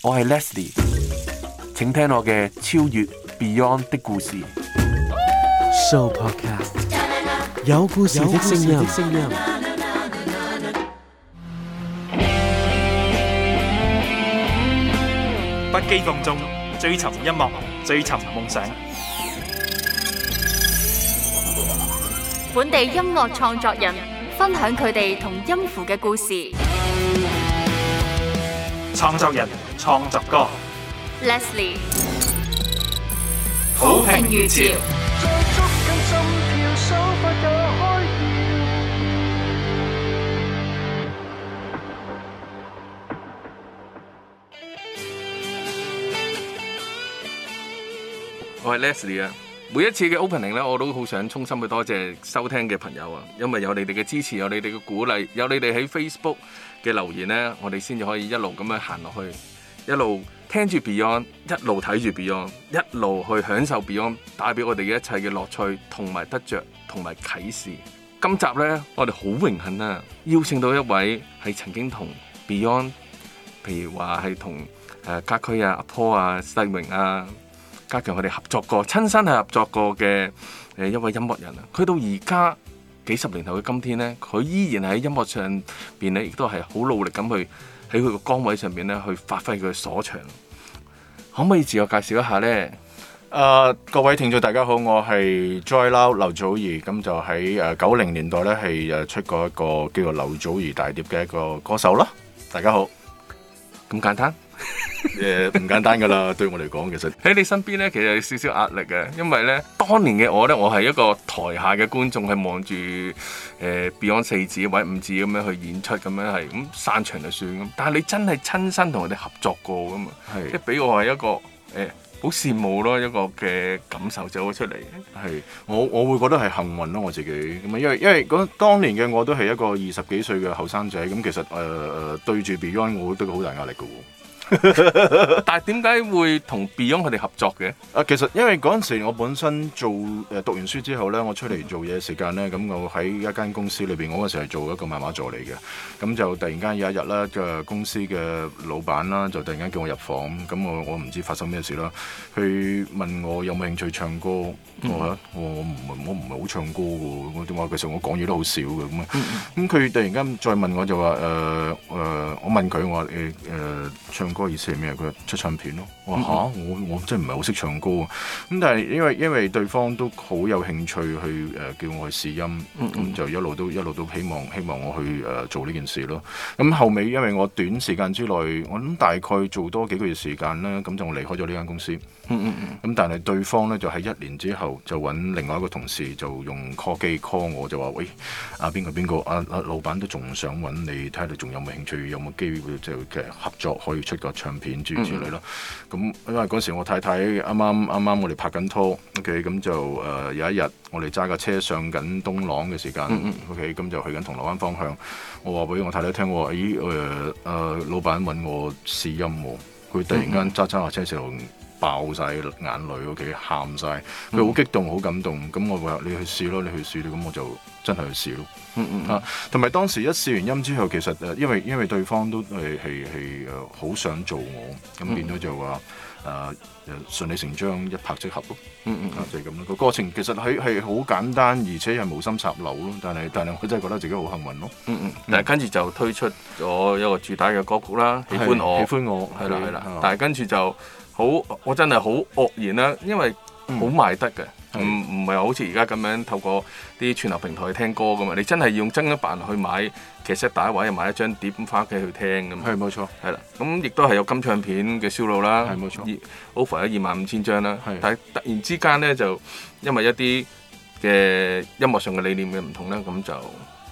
我係 Leslie，請聽我嘅超越 Beyond 的故事。Show Podcast 有故事的聲音，不羈放縱，追尋音樂，追尋夢想。本地音樂創作人分享佢哋同音符嘅故事。創作人。創作歌，Leslie 好評如潮。我係 Leslie 啊，每一次嘅 opening 咧，我都好想衷心去多謝收聽嘅朋友啊，因為有你哋嘅支持，有你哋嘅鼓勵，有你哋喺 Facebook 嘅留言呢，我哋先至可以一路咁樣行落去。一路聽住 Beyond，一路睇住 Beyond，一路去享受 Beyond 帶俾我哋嘅一切嘅樂趣同埋得着同埋啟示。今集呢，我哋好榮幸啊，邀請到一位係曾經同 Beyond，譬如話係同誒家駒啊、阿 Paul 啊、世榮啊、家強佢哋合作過、親身係合作過嘅誒一位音樂人啊。佢到而家幾十年後嘅今天呢，佢依然喺音樂上面呢，亦都係好努力咁去。喺佢個崗位上面咧，去發揮佢嘅所長。可唔可以自我介紹一下咧？誒，各位聽眾大家好，我係 Joy Lau 劉祖兒，咁就喺誒九零年代咧，係誒出過一個叫做《劉祖兒大碟》嘅一個歌手咯。大家好，咁簡單。誒，唔、 呃、簡單噶啦，對我嚟講，其實喺你身邊咧，其實有少少壓力嘅，因為咧當年嘅我咧，我係一個台下嘅觀眾，係望住誒 Beyond 四子或者五子咁樣去演出，咁樣係咁散場就算咁。但係你真係親身同我哋合作過噶嘛，即係俾我係一個誒好羨慕咯，一個嘅感受走咗出嚟。係我我會覺得係幸運咯，我自己咁啊，因為因為當年嘅我都係一個二十幾歲嘅後生仔，咁其實誒誒、呃、對住 Beyond，我都好大壓力噶。 但係點解會同 Beyond 佢哋合作嘅？啊，其實因為嗰陣時我本身做誒讀完書之後咧，我出嚟做嘢時間咧，咁我喺一間公司裏邊，我嗰時係做一個漫畫助理嘅。咁就突然間有一日咧，嘅、啊、公司嘅老闆啦，就突然間叫我入房。咁我我唔知發生咩事啦。佢問我有冇興趣唱歌？Mm hmm. 我我唔我唔係好唱歌嘅。我，其實我話其實我講嘢都好少嘅，咁咁佢突然間再問我就話誒誒，我問佢我誒誒唱。個意思係咩？佢出唱片咯。我吓、mm hmm. 啊，我我真係唔係好識唱歌啊。咁但係因為因為對方都好有興趣去誒、呃、叫我去試音，咁、mm hmm. 就一路都一路都希望希望我去誒做呢件事咯。咁後尾因為我短時間之內，我諗大概做多幾個月時間啦，咁就離開咗呢間公司。咁、mm hmm. 但係對方咧就喺一年之後就揾另外一個同事，就用 call 機 call 我就話：喂，阿邊個邊個？阿阿、啊、老闆都仲想揾你，睇下你仲有冇興趣，有冇機會就嘅合作可以出唱片諸如此類咯，咁、mm hmm. 因為嗰時我太太啱啱啱啱我哋拍緊拖，O K，咁就誒有一日我哋揸架車上緊東朗嘅時間，O K，咁就去緊銅鑼灣方向，我話俾我太太聽，我話，咦誒誒老闆問我試音喎、哦，佢突然間揸揸架車上。Mm hmm. 爆曬眼淚，OK，喊晒，佢好激動，好感動。咁我話：你去試咯，你去試，你咁我就真係去試咯。嗯嗯啊，同埋當時一試完音之後，其實誒，因為因為對方都係係係誒，好想做我，咁變咗就話誒，順理成章一拍即合咯。嗯嗯，就係咁咯。個過程其實係係好簡單，而且係無心插柳咯。但係但係，我真係覺得自己好幸運咯。嗯嗯，但係跟住就推出咗一個主打嘅歌曲啦，喜歡我，喜歡我，係啦係啦。但係跟住就。好，我真係好愕然啦，因為賣、嗯嗯、好賣得嘅，唔唔係好似而家咁樣透過啲串流平台去聽歌㗎嘛。你真係要用真銀幣去買，其實第一位又買一張碟咁翻屋企去聽㗎嘛。係冇錯，係啦，咁亦都係有金唱片嘅銷路啦。係冇錯 over 咗二萬五千張啦。但係突然之間咧，就因為一啲嘅音樂上嘅理念嘅唔同咧，咁就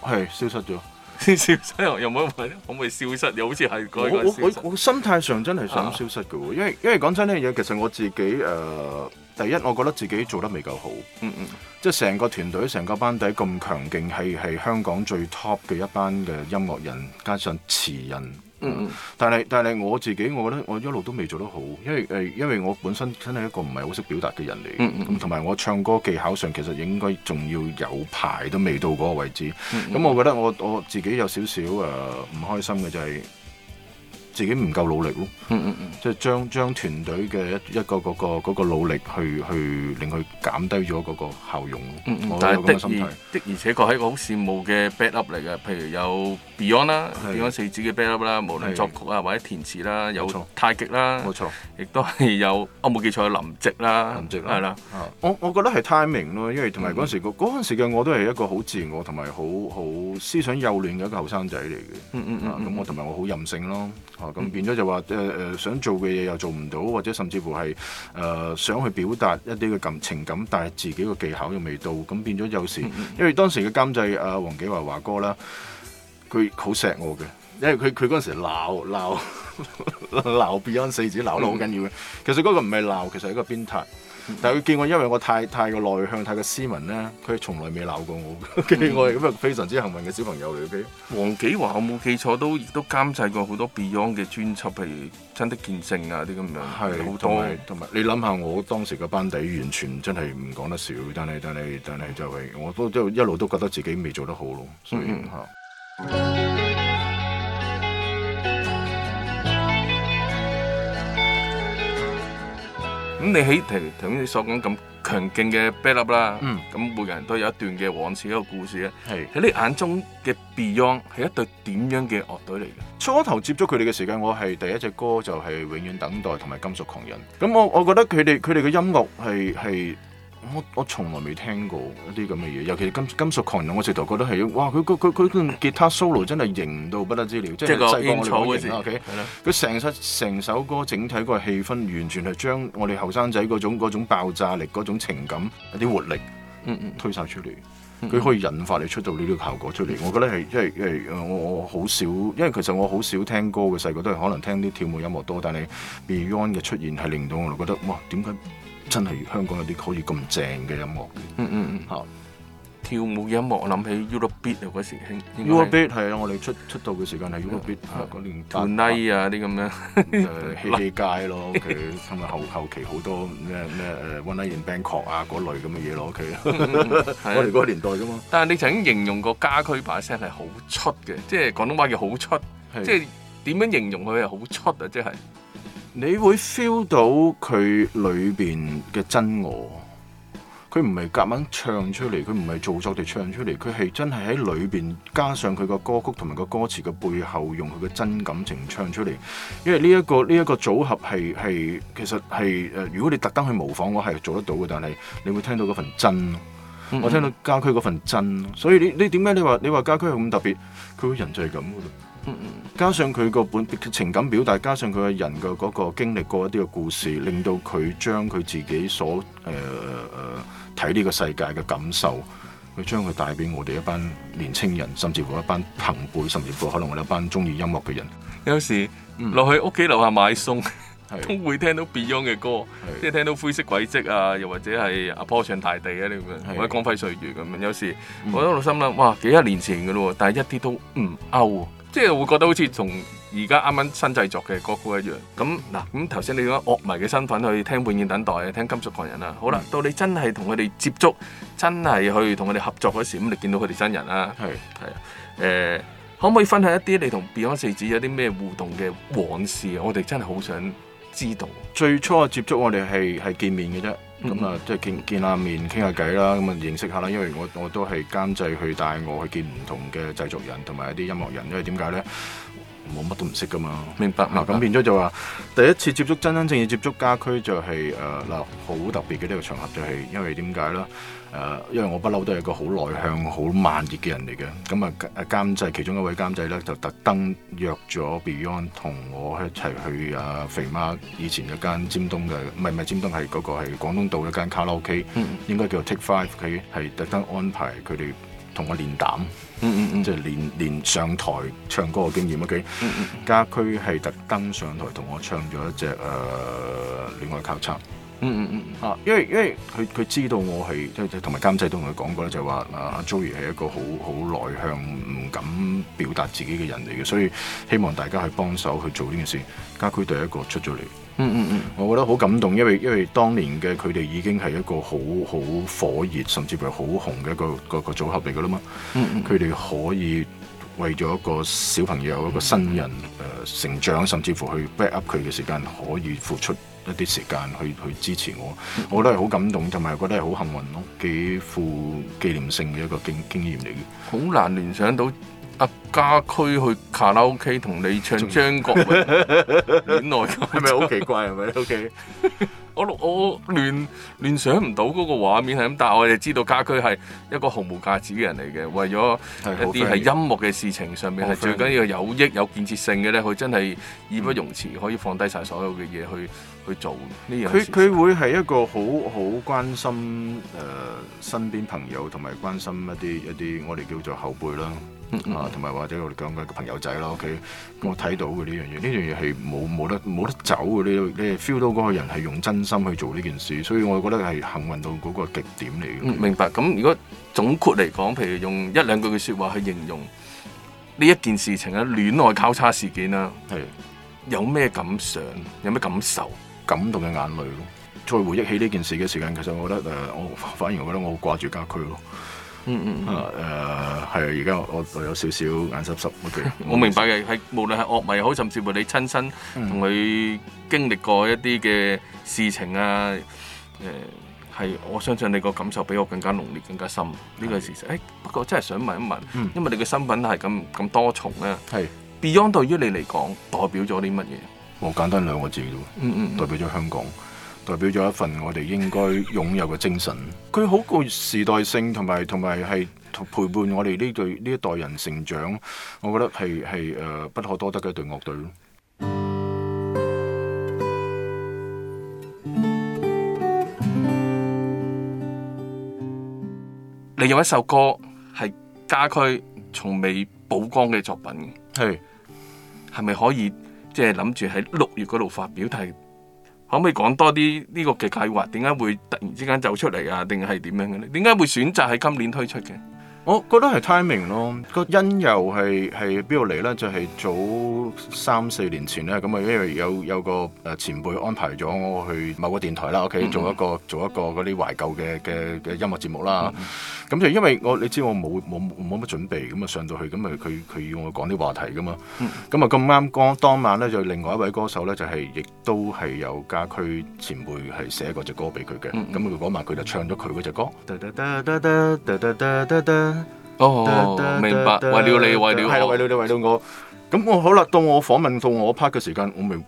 係消失咗。消失又唔可唔可以消失，又好似係佢。我我我心態上真係想消失嘅，啊，因為因為講真呢樣嘢，其實我自己誒、呃，第一我覺得自己做得未夠好，嗯嗯，嗯即係成個團隊，成個班底咁強勁，係係香港最 top 嘅一班嘅音樂人，加上詞人。嗯，但係但係我自己，我覺得我一路都未做得好，因為誒、呃，因為我本身真係一個唔係好識表達嘅人嚟，咁同埋我唱歌技巧上其實應該仲要有排都未到嗰個位置，咁、嗯嗯、我覺得我我自己有少少誒唔開心嘅就係、是。自己唔夠努力咯，即係將將團隊嘅一一個嗰個個努力去去令佢減低咗嗰個效用。但係的而的而且確係一個好羨慕嘅 backup 嚟嘅，譬如有 Beyond 啦，Beyond 四子嘅 backup 啦，無論作曲啊或者填詞啦，有太極啦，冇錯，亦都係有我冇記錯林夕啦，林夕係啦。我我覺得係 timing 咯，因為同埋嗰陣時嗰陣時嘅我都係一個好自然我同埋好好思想幼嫩嘅一個後生仔嚟嘅。咁我同埋我好任性咯。咁、嗯、變咗就話誒誒想做嘅嘢又做唔到，或者甚至乎係誒、呃、想去表達一啲嘅感情感，但係自己個技巧又未到，咁變咗有時，嗯嗯、因為當時嘅監製阿黃、呃、紀華華哥啦，佢好錫我嘅，因為佢佢嗰陣時鬧鬧鬧 Beyond 四子鬧得好緊要嘅、嗯，其實嗰個唔係鬧，其實係一個鞭撻。但係佢見我，因為我太太過內向、太過斯文咧，佢從來未鬧過我。見、嗯、 我咁啊，非常之幸運嘅小朋友嚟嘅。黃紀華，嗯、我冇記錯都都監製過好多 Beyond 嘅專輯，譬如《真的見證》啊啲咁樣，好是多同埋。你諗下，我當時個班底完全真係唔講得笑，但係但係但係就係、是、我都，都一路都覺得自己未做得好咯，所以嚇。嗯嗯嗯咁你喺同同啱先所講咁強勁嘅 b a e 啦，咁每個人都有一段嘅往事、一個故事咧。喺是你眼中嘅 Beyond 係一隊點樣嘅樂隊嚟嘅？初頭接觸佢哋嘅時間，我係第一隻歌就係、是《永遠等待》同埋《金屬狂人》。咁我我覺得佢哋佢哋嘅音樂係係。我我從來未聽過一啲咁嘅嘢，尤其是金金屬狂人，我直頭覺得係哇！佢佢佢佢吉他 solo 真係型到不得之了，即係西方可型啦。OK，係咯、嗯。佢成首成首歌整體嗰個氣氛，完全係將我哋後生仔嗰種嗰種爆炸力、嗰種情感、一啲活力推出出，推晒出嚟。佢、嗯、可以引發你出到呢啲效果出嚟。嗯嗯、我覺得係，因為因為我我好少，因為其實我好少聽歌嘅，細個都係可能聽啲跳舞音樂多。但係 Beyond 嘅出現係令到我覺得哇，點解？真係香港有啲可以咁正嘅音樂，嗯嗯嗯嚇。跳舞嘅音樂，我諗起 Upt b i t 啊嗰時興，Upt b i t 係啊，我哋出出刀嘅時間係 Upt b i t 啊嗰年 v a 啊啲咁樣，就嬉嬉街咯。佢後後期好多咩咩誒 Van Lee 病狂啊嗰類咁嘅嘢攞企。我哋嗰年代噶嘛。但係你曾經形容過家區把聲係好出嘅，即係廣東話叫好出，即係點樣形容佢係好出啊？即係。你會 feel 到佢裏邊嘅真我，佢唔係夾硬唱出嚟，佢唔係做作地唱出嚟，佢係真係喺裏邊加上佢個歌曲同埋個歌詞嘅背後，用佢嘅真感情唱出嚟。因為呢一個呢一個組合係係其實係誒，如果你特登去模仿，我係做得到嘅，但係你會聽到嗰份真，我聽到家駒嗰份真，所以你你點解你話你話家駒係咁特別，佢個人就係咁加上佢個本情感表達，加上佢個人嘅嗰個經歷過一啲嘅故事，令到佢將佢自己所誒睇呢個世界嘅感受，佢將佢帶俾我哋一班年青人，甚至乎一班朋輩，甚至乎可能我哋一班中意音樂嘅人，有時落去屋企樓下買餸，都會聽到 Beyond 嘅歌，即係聽到灰色軌跡啊，又或者係阿 Paul 唱大地啊呢咁樣，或者光輝歲月咁樣。有時我一路心諗，哇，幾多年前嘅咯，但係一啲都唔 out。即係會覺得好似同而家啱啱新製作嘅歌曲一樣。咁嗱，咁頭先你用樂迷嘅身份去聽《永遠等待》啊，聽《金屬狂人》啊。好啦，嗯、到你真係同佢哋接觸，真係去同佢哋合作嗰時，咁你見到佢哋真人啦。係係誒，可唔可以分享一啲你同 Beyond 四子有啲咩互動嘅往事啊？我哋真係好想知道。最初嘅接觸，我哋係係見面嘅啫。咁啊，即係、嗯嗯、見見下面，傾下偈啦，咁啊，認識下啦。因為我我都係監製，去帶我去見唔同嘅製作人同埋一啲音樂人。因為點解咧？冇乜都唔識噶嘛明，明白嗱，咁變咗就話第一次接觸真真正正接觸家駒就係誒嗱，好、呃、特別嘅呢個場合就係、是、因為點解咧？誒、呃，因為我不嬲都係一個好內向、好慢熱嘅人嚟嘅，咁啊監製其中一位監製咧就特登約咗 Beyond 同我一齊去啊肥媽以前一間尖東嘅，唔係唔係尖東係嗰、那個係廣東道一間卡拉 OK，嗯、應該叫做 Take Five 佢，係特登安排佢哋同我練膽。嗯嗯嗯，即、嗯、係連連上台唱歌嘅經驗啊，佢、嗯嗯、家駒係特登上台同我唱咗一隻誒《戀愛考察》靠叉嗯。嗯嗯嗯，啊，因為因為佢佢知道我係即係同埋監製都同佢講過咧，就話、是、阿、啊、Joey 係一個好好內向、唔敢表達自己嘅人嚟嘅，所以希望大家去幫手去做呢件事。家駒第一個出咗嚟。嗯嗯嗯，mm hmm. 我覺得好感動，因為因為當年嘅佢哋已經係一個好好火熱，甚至乎係好紅嘅一個一個一個組合嚟噶啦嘛。嗯嗯、mm，佢、hmm. 哋可以為咗一個小朋友一個新人誒、呃、成長，甚至乎去 back up 佢嘅時間，可以付出一啲時間去去支持我，mm hmm. 我覺得係好感動，同埋覺得係好幸運咯，幾富紀念性嘅一個經經驗嚟嘅。好難聯想到。阿家駒去卡拉 O K 同你唱張國榮，戀沒愛，係咪好奇怪？係咪 O K？我我亂亂想唔到嗰個畫面係咁，但係我哋知道家駒係一個毫無架子嘅人嚟嘅，為咗一啲係音樂嘅事情上面係最緊要有益有建設性嘅咧，佢真係義不容辭，可以放低晒所有嘅嘢，去去做呢樣。佢佢會係一個好好關心誒、呃、身邊朋友同埋關心一啲一啲我哋叫做後輩啦。嗯嗯、啊，同埋或者我哋講嘅朋友仔咯，OK，我睇到嘅呢樣嘢，呢樣嘢係冇冇得冇得走嘅，你你 feel 到嗰個人係用真心去做呢件事，所以我覺得係幸運到嗰個極點嚟嘅、嗯。明白。咁如果總括嚟講，譬如用一兩句嘅說話去形容呢一件事情啊，戀愛交叉事件啦，係的有咩感想？有咩感受？感動嘅眼淚咯。再回憶起呢件事嘅時間，其實我覺得誒，我反而覺得我好掛住家駒咯。嗯嗯啊誒係而家我有少少眼濕濕 okay, 我明白嘅係無論係樂迷，好 甚至乎你親身同佢經歷過一啲嘅事情啊誒係、mm hmm. 呃、我相信你個感受比我更加濃烈、更加深呢的個事實。誒、哎、不過真係想問一問，mm hmm. 因為你嘅身份係咁咁多重咧，係的 Beyond 對於你嚟講代表咗啲乜嘢？我、mm hmm. 簡單兩個字啫喎，嗯嗯，代表咗香港。代表咗一份我哋應該擁有嘅精神，佢好具時代性，同埋同埋係陪伴我哋呢隊呢一代人成長。我覺得係係誒不可多得嘅一隊樂隊咯。你有一首歌係家駒從未曝光嘅作品，係係咪可以即係諗住喺六月嗰度發表？但係可唔可以講多啲呢個嘅計劃？點解會突然之間走出嚟啊？定係點樣嘅咧？點解會選擇喺今年推出嘅？我覺得係 timing 咯，個因由係係邊度嚟咧？就係、是、早三四年前咧，咁啊，因為有有個誒前輩安排咗我去某個電台啦，OK，做一個嗯嗯做一個嗰啲懷舊嘅嘅嘅音樂節目啦。咁、嗯嗯、就因為我你知我冇冇冇乜準備，咁啊上到去，咁啊佢佢要我講啲話題噶嘛。咁啊咁啱，當當晚咧就另外一位歌手咧就係、是、亦都係有家區前輩係寫嗰隻歌俾佢嘅。咁佢嗰晚佢就唱咗佢嗰隻歌。 哦，oh, 明白。為了你，為了我，係啦，為了你，為了我。咁我好啦，到我訪問到我 part 嘅時間，我明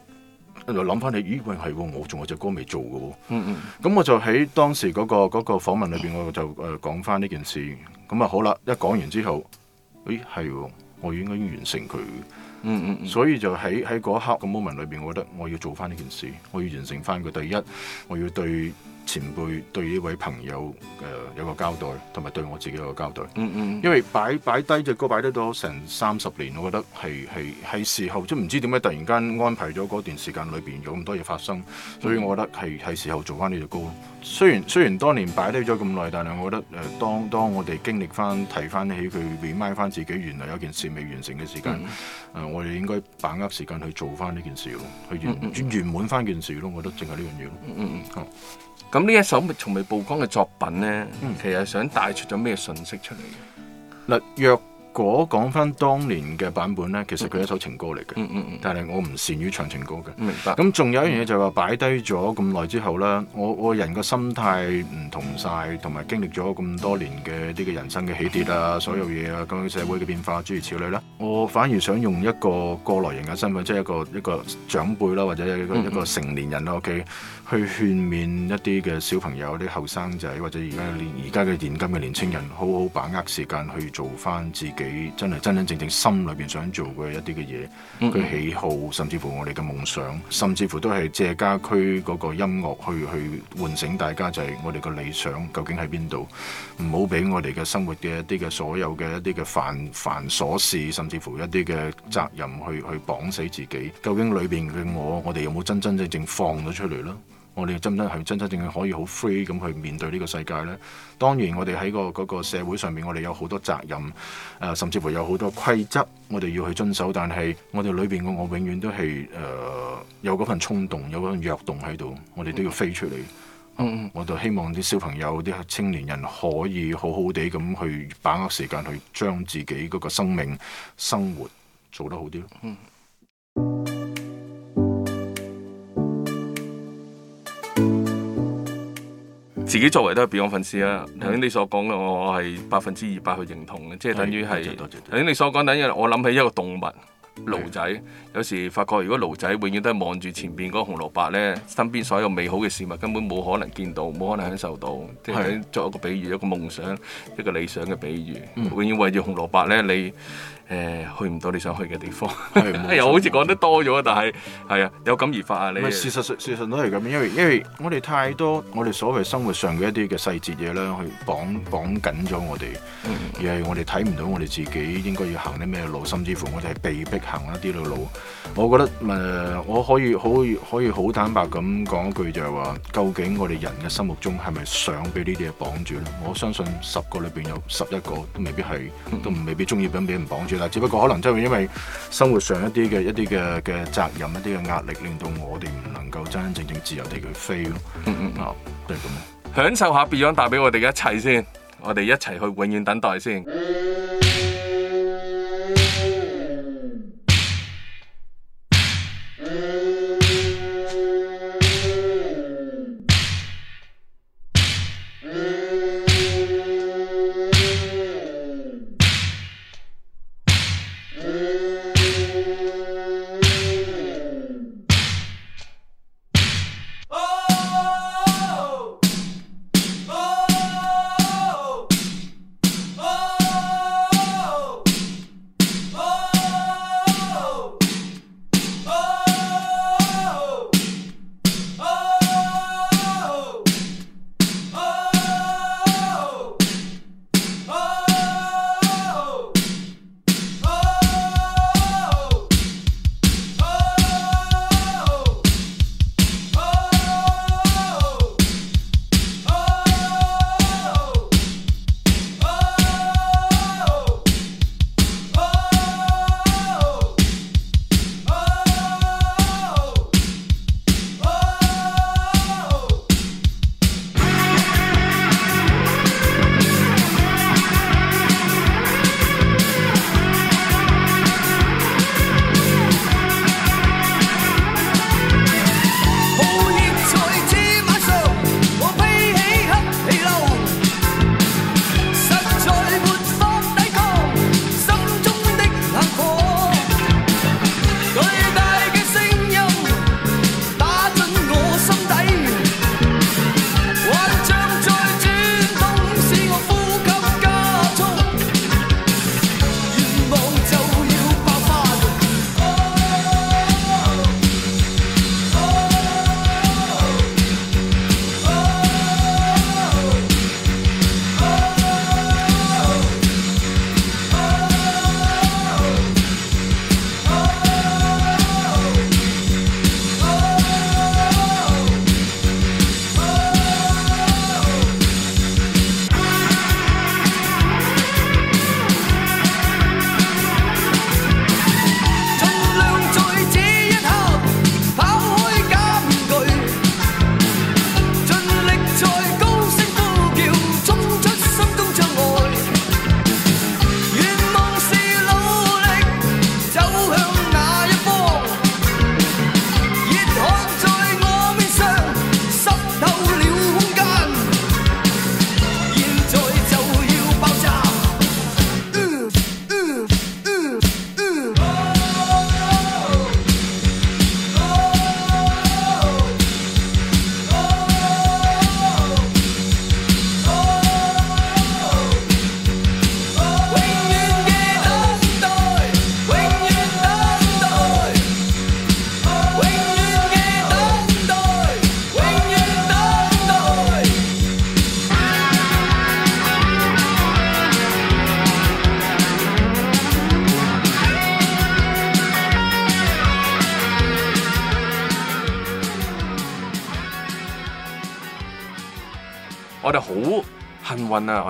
就諗翻你，咦，喂，係喎，我仲有隻歌未做㗎喎。嗯嗯。咁我就喺當時嗰、那個嗰、那個訪問裏邊，我就誒講翻呢件事。咁啊好啦，一講完之後，誒係喎，我應該要完成佢。嗯，嗯嗯。所以就喺喺嗰一刻嘅、那個、moment 裏邊，我覺得我要做翻呢件事，我要完成翻佢。第一，我要對。前輩對呢位朋友誒、呃、有個交代，同埋對我自己有個交代。嗯嗯，因為擺擺低隻歌擺得多成三十年，我覺得係係係時候，即唔知點解突然間安排咗嗰段時間裏邊有咁多嘢發生，所以我覺得係係時候做翻呢隻歌。雖然雖然當年擺低咗咁耐，但係我覺得誒、呃，當當我哋經歷翻、提翻起佢 remind 翻自己原來有件事未完成嘅時間，誒、嗯嗯呃，我哋應該把握時間去做翻呢件事咯，去完完、嗯嗯嗯、完滿翻件事咯。我覺得淨係呢樣嘢咯。嗯嗯。好、嗯。咁呢一首未從未曝光嘅作品咧、嗯，其實想帶出咗咩信息出嚟嘅？若果講翻當年嘅版本咧，其實佢一首情歌嚟嘅，嗯嗯嗯、但係我唔擅於唱情歌嘅。明白。咁仲有一樣嘢就係話擺低咗咁耐之後咧，我我人嘅心態唔同晒，同埋經歷咗咁多年嘅呢個人生嘅起跌啊，嗯、所有嘢啊，關於社會嘅變化、諸如此類啦，我反而想用一個過來人嘅身份，即係一個一個長輩啦，或者一個,、嗯、一個成年人啦，OK。去勸勉一啲嘅小朋友、啲後生仔，或者而家年而家嘅現今嘅年青人，好好把握時間去做翻自己真係真真正正心裏邊想做嘅一啲嘅嘢，佢喜好，甚至乎我哋嘅夢想，甚至乎都係借家駒嗰個音樂去去喚醒大家，就係、是、我哋個理想究竟喺邊度？唔好俾我哋嘅生活嘅一啲嘅所有嘅一啲嘅繁繁瑣事，甚至乎一啲嘅責任去去綁死自己。究竟裏邊嘅我，我哋有冇真真正正放咗出嚟呢？我哋真真係真真正正可以好 free 咁去面對呢個世界咧？當然，我哋喺個嗰個社會上面，我哋有好多責任，誒、呃，甚至乎有好多規則，我哋要去遵守。但係我哋裏邊嘅我，永遠都係誒、呃、有嗰份衝動，有嗰份躍動喺度，我哋都要飛出嚟、嗯。我就希望啲小朋友、啲青年人可以好好地咁去把握時間，去將自己嗰個生命生活做得好啲。嗯。自己作為都係 Beyond 粉絲啦，頭先、嗯、你所講嘅我係百分之二百去認同嘅，即、就、係、是、等於係頭先你所講，等於我諗起一個動物，驢仔，對有時發覺如果驢仔永遠都係望住前邊嗰個紅蘿蔔咧，身邊所有美好嘅事物根本冇可能見到，冇可能享受到，即、就、係、是、作一個比喻，一個夢想，一個理想嘅比喻，嗯、永遠為住紅蘿蔔咧你。誒去唔到你想去嘅地方，又 好似講得多咗，但係係啊，有感而發啊！你事實上事實上都係咁，因為因為我哋太多，我哋所謂生活上嘅一啲嘅細節嘢咧，去綁綁緊咗我哋，嗯、而係我哋睇唔到我哋自己應該要行啲咩路，甚至乎我哋係被逼行一啲嘅路。我覺得誒、呃，我可以好可以好坦白咁講一句就係話，究竟我哋人嘅心目中係咪想俾呢啲嘢綁住咧？我相信十個裏邊有十一個都未必係，嗯、都唔未必中意咁俾人綁住。嗱，只不過可能真係因為生活上一啲嘅一啲嘅嘅責任、一啲嘅壓力，令到我哋唔能夠真真正正自由地去飛咯。嗯嗯，啊，就咁享受下 Beyond 帶俾我哋嘅一切先，我哋一齊去永遠等待先。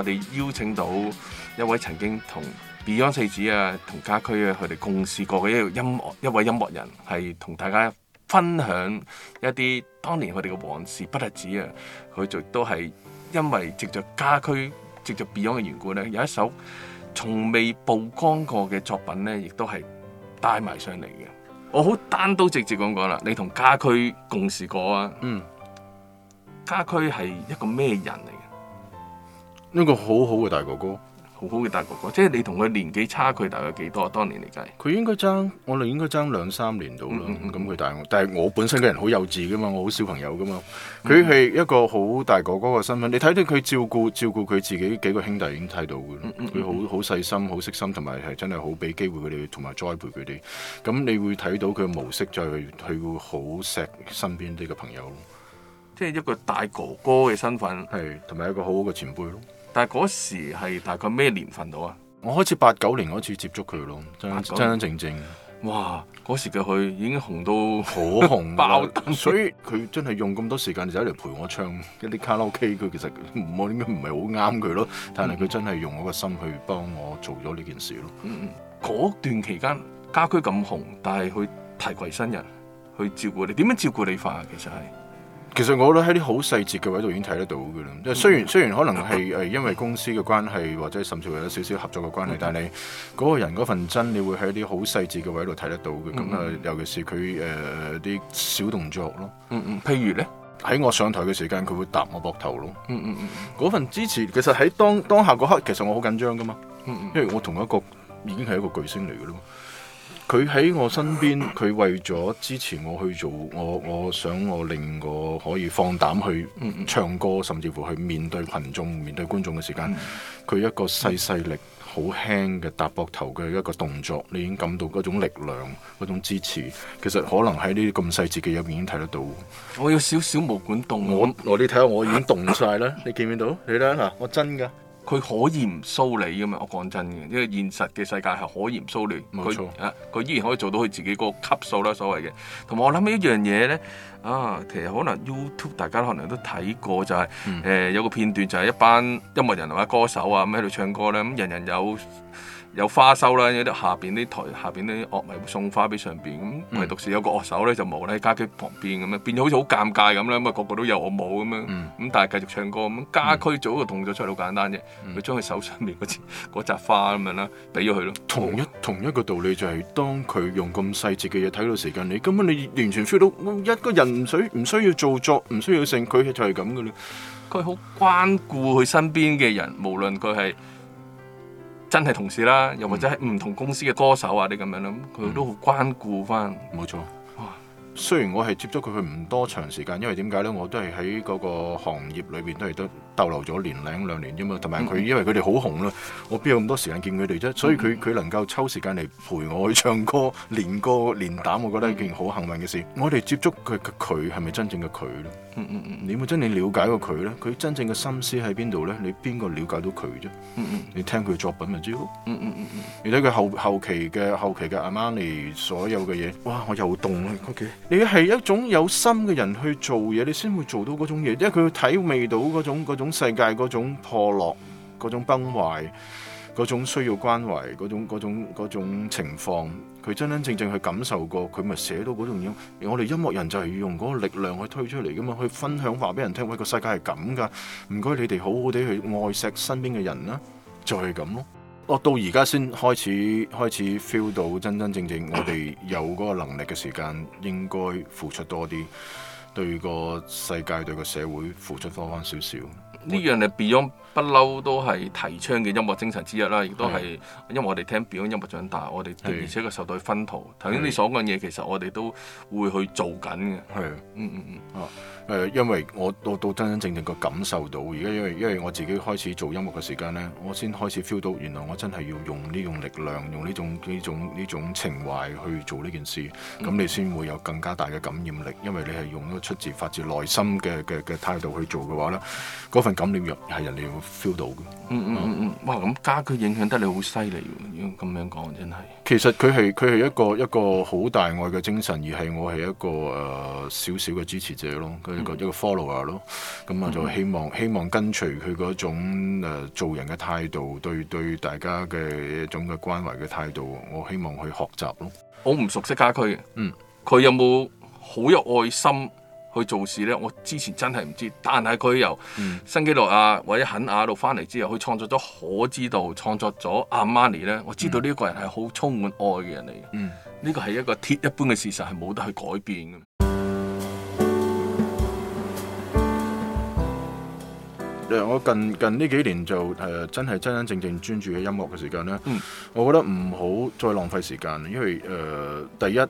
你邀請到一位曾經同 Beyond 四子啊、同家駒啊佢哋共事過嘅一個音樂一位音樂人，係同大家分享一啲當年佢哋嘅往事。不特止啊，佢就都係因為藉著家駒、藉著 Beyond 嘅緣故咧，有一首從未曝光過嘅作品咧，亦都係帶埋上嚟嘅。我好單刀直接講講啦，你同家駒共事過啊？嗯，家駒係一個咩人嚟？一個好好嘅大哥哥，好好嘅大哥哥。即係你同佢年紀差距大概幾多？當年嚟計，佢應該爭，我哋應該爭兩三年度啦。咁佢大我，但係我本身嘅人好幼稚噶嘛，我好小朋友噶嘛。佢係一個好大哥哥嘅身份，你睇到佢照顧照顧佢自己幾個兄弟已經睇到嘅。佢好好細心、好悉心，同埋係真係好俾機會佢哋，同埋栽培佢哋。咁你會睇到佢嘅模式，就係佢會好錫身邊啲嘅朋友，即係一個大哥哥嘅身份，係同埋一個好好嘅前輩咯。但係嗰時係大概咩年份到啊？我開始八九年開始接觸佢咯，真真正正。哇！嗰時嘅佢已經紅到好紅 爆燈燈，所以佢真係用咁多時間就喺嚟陪我唱一啲卡拉 O K。佢其實我應該唔係好啱佢咯，但係佢真係用我個心去幫我做咗呢件事咯。嗰、嗯嗯、段期間家駒咁紅，但係佢提攜新人，去照顧你，點樣照顧你化？啊？其實係。其實我覺得喺啲好細節嘅位度已經睇得到嘅啦，即雖然、mm hmm. 雖然可能係誒因為公司嘅關係或者甚至會有少少合作嘅關係，mm hmm. 但係嗰個人嗰份真，你會喺啲好細節嘅位度睇得到嘅，咁啊、mm hmm. 尤其是佢誒啲小動作咯，譬、mm hmm. 如咧喺我上台嘅時間佢會搭我膊頭咯，嗰、mm hmm. 份支持其實喺當當下嗰刻其實我好緊張噶嘛，mm hmm. 因為我同一個已經係一個巨星嚟嘅咯。佢喺我身邊，佢為咗支持我去做，我我想我令我可以放膽去唱歌，甚至乎去面對群眾、面對觀眾嘅時間。佢、嗯、一個細細力、好輕嘅搭膊頭嘅一個動作，你已經感到嗰種力量、嗰種支持。其實可能喺呢啲咁細節嘅入面已經睇得到。我有少少毛管動，我我你睇下，我已經動晒啦。 你見唔見到？你睇下，我真㗎。佢可以唔蘇你㗎嘛。我講真嘅，因為現實嘅世界係可以唔蘇亂，佢錯啊佢依然可以做到佢自己個級數啦，所謂嘅。同埋我諗起一樣嘢咧，啊，其實可能 YouTube 大家可能都睇過，就係、是、誒、嗯呃、有個片段就係一班音樂人或者歌手啊咁喺度唱歌咧，咁、嗯、人人有。有花收啦，有啲下邊啲台下邊啲樂迷會送花俾上邊咁。唯獨是有個樂手咧就冇喺家駒旁邊咁樣變咗，好似好尷尬咁啦。咁啊，個個都有我冇咁樣，咁、嗯、但係繼續唱歌咁。家駒做一個動作出嚟，好簡單啫。佢將佢手上面嗰支紮花咁樣啦，俾咗佢咯。同一、嗯、同一個道理就係、是，當佢用咁細節嘅嘢睇到時間，你根本你完全 feel 到，一個人唔需唔需要做作，唔需要盛，佢就係咁噶啦。佢好關顧佢身邊嘅人，無論佢係。真係同事啦，又或者係唔同公司嘅歌手啊啲咁樣啦，佢都好關顧翻。嗯，冇錯。哇，雖然我係接觸佢，佢唔多長時間，因為點解呢？我都係喺嗰個行業裏邊都係得。逗留咗年零兩年啫嘛，同埋佢因為佢哋好紅咯，我邊有咁多時間見佢哋啫，所以佢佢能夠抽時間嚟陪我去唱歌、練歌、練膽，我覺得係件好幸運嘅事。我哋接觸佢嘅佢係咪真正嘅佢咧？嗯嗯嗯，你有冇真正瞭解過佢咧？佢真正嘅心思喺邊度咧？你邊個瞭解到佢啫？嗯嗯，你聽佢作品咪知咯？嗯嗯嗯嗯，你睇佢後後期嘅後期嘅 Amani 所有嘅嘢，哇！我又凍啊！嗰幾，你係一種有心嘅人去做嘢，你先會做到嗰種嘢，因為佢會體味到嗰種嗰種。世界嗰種破落、嗰種崩壞、嗰種需要關懷、嗰種種種情況，佢真真正正去感受過，佢咪寫到嗰種樣，我哋音樂人就係用嗰個力量去推出嚟噶嘛，去分享話俾人聽，喂，個世界係咁噶，唔該你哋好好地去愛錫身邊嘅人啦、啊，就係咁咯。我到而家先開始開始 feel 到真真正正我哋有嗰個能力嘅時間， 應該付出多啲，對個世界、對個社會付出多翻少少。呢樣係 Beyond 不嬲都係提倡嘅音樂精神之一啦，亦都係因為我哋聽 Beyond 音樂長大，我哋而且個受到熏陶，頭先你所講嘅嘢其實我哋都會去做緊嘅。係的，嗯嗯嗯，哦、啊。誒、呃，因為我我到真真正正嘅感受到，而家因為因為我自己開始做音樂嘅時間咧，我先開始 feel 到原來我真係要用呢種力量，用呢種呢種呢種情懷去做呢件事，咁你先會有更加大嘅感染力。因為你係用咗出自發自內心嘅嘅嘅態度去做嘅話咧，嗰份感染力係人哋會 feel 到嘅，嗯。嗯嗯嗯嗯，嗯哇！咁家駒影響得你好犀利喎，要咁樣講真係。其實佢係佢係一個一個好大愛嘅精神，而係我係一個誒少少嘅支持者咯，一個、嗯、一個 follower 咯，咁啊就希望希望跟隨佢嗰種誒、呃、做人嘅態度，對對大家嘅一種嘅關懷嘅態度，我希望去學習咯。我唔熟悉家駒嘅，嗯，佢有冇好有愛心？去做事咧，我之前真係唔知，但係佢由新幾內亞，或者肯亞路翻嚟之後，佢創作咗可知道創作咗阿瑪尼咧，我知道呢一個人係好充滿愛嘅人嚟嘅。呢個係一個鐵一般嘅事實，係冇得去改變嘅。誒、嗯，我近近呢幾年就誒、呃、真係真真正，正正專注喺音樂嘅時間咧。我覺得唔好再浪費時間，因為誒、呃、第一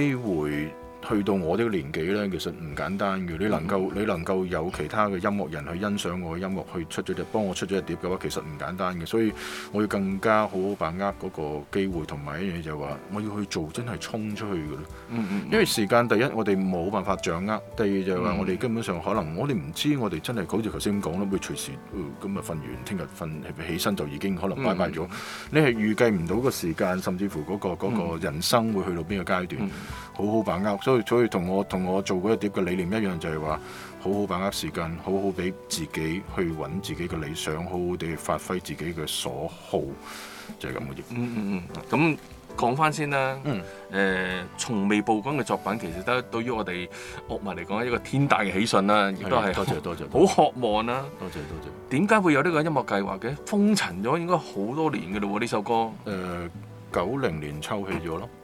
機會。去到我呢個年紀咧，其實唔簡單嘅。你能夠、嗯、你能夠有其他嘅音樂人去欣賞我嘅音樂，去出咗隻幫我出咗隻碟嘅話，其實唔簡單嘅。所以我要更加好好把握嗰個機會，同埋一樣嘢就係話，我要去做真係衝出去嘅咯。嗯嗯、因為時間第一，我哋冇辦法掌握；第二就係話，我哋根本上可能我哋唔知，我哋真係好似頭先咁講啦，會隨時今日瞓完，聽日瞓起身就已經可能拜拜咗。嗯嗯、你係預計唔到個時間，甚至乎嗰、嗰個嗰個人生會去到邊個階段，好好把握。所所以同我同我做嗰一碟嘅理念一樣就，就係話好好把握時間，好好俾自己去揾自己嘅理想，好好地發揮自己嘅所好，就係咁嘅嘢。嗯嗯嗯。咁講翻先啦。嗯。誒、嗯，從未曝光嘅作品其實都對於我哋樂迷嚟講係一個天大嘅喜訊啦、啊，亦都係、嗯。多謝多謝。多謝好渴望啦、啊。多謝多謝。點解會有呢個音樂計劃嘅？封塵咗應該好多年嘅嘞喎，呢首歌。誒、呃，九零年抽起咗咯。嗯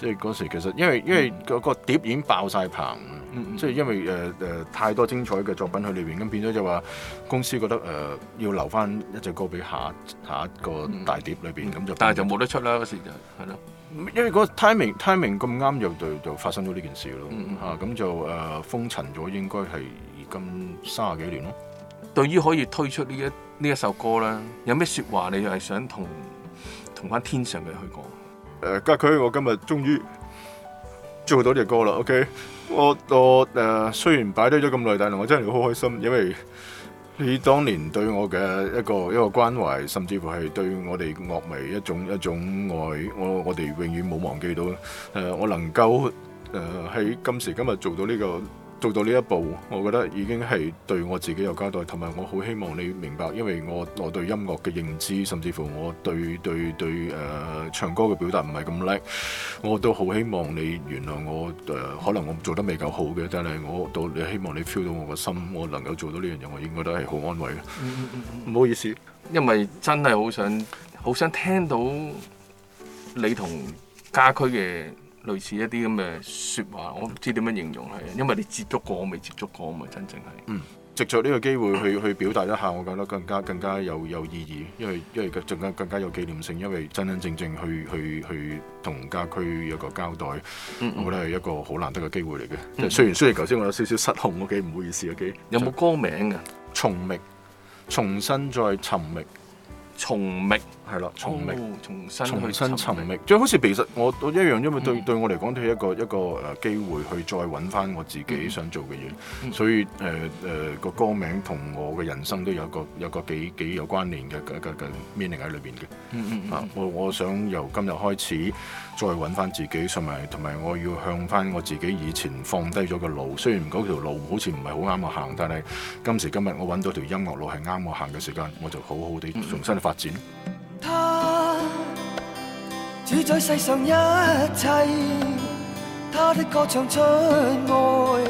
即係嗰時，其實因為因為個碟已經爆晒棚、嗯，即係因為誒、呃、誒、呃、太多精彩嘅作品喺裏邊，咁變咗就話公司覺得誒、呃、要留翻一隻歌俾下下一個大碟裏邊、嗯，咁、嗯、就但係就冇得出啦嗰時就係咯，因為個 timing, timing timing 咁啱，就就就發生咗呢件事咯吓，咁、嗯啊、就誒、呃、封塵咗，應該係而今三十幾年咯。對於可以推出呢一呢一首歌咧，有咩說話你？你係想同同翻天上嘅去講？誒，家駒我今日終於做到隻歌啦，OK？我我誒、呃，雖然擺低咗咁耐，但係我真係好開心，因為你當年對我嘅一個一個關懷，甚至乎係對我哋樂迷一種一種愛，我我哋永遠冇忘記到。誒、呃，我能夠誒喺今時今日做到呢個。做到呢一步，我覺得已經係對我自己有交代，同埋我好希望你明白，因為我我對音樂嘅認知，甚至乎我對對對誒、呃、唱歌嘅表達唔係咁叻，我都好希望你原諒我誒、呃，可能我做得未夠好嘅，但係我到你希望你 feel 到我個心，我能夠做到呢樣嘢，我應該都係好安慰嘅。嗯嗯、唔好意思，因為真係好想好想聽到你同家駒嘅類似一啲咁嘅説話，我唔知點樣形容佢，因為你接觸過，我未接觸過咁啊。真正係，嗯，藉著呢個機會去去表達一下，我覺得更加更加有有意義，因為因為更加更加有紀念性，因為真真正正去去去同家區有個交代，嗯嗯，我覺得係一個好難得嘅機會嚟嘅、嗯。雖然雖然頭先我有少少失控，我幾唔好意思啊，幾，有冇歌名嘅？重覓，重新再尋覓，重覓。係啦，重覓、哦，重新尋覓，即係好似其實我我一樣，因為對、嗯、對我嚟講，都係一個一個誒機會去再揾翻我自己想做嘅嘢。嗯、所以誒誒個歌名同我嘅人生都有個有個幾幾有關聯嘅嘅嘅 meaning 喺裏邊嘅。嗯嗯啊，我我想由今日開始再揾翻自己，同埋同埋我要向翻我自己以前放低咗嘅路。雖然嗰條路好似唔係好啱我行，但係今時今日我揾到條音樂路係啱我行嘅時間，我就好好地重新發展。嗯他主宰世上一切，他的歌唱出愛，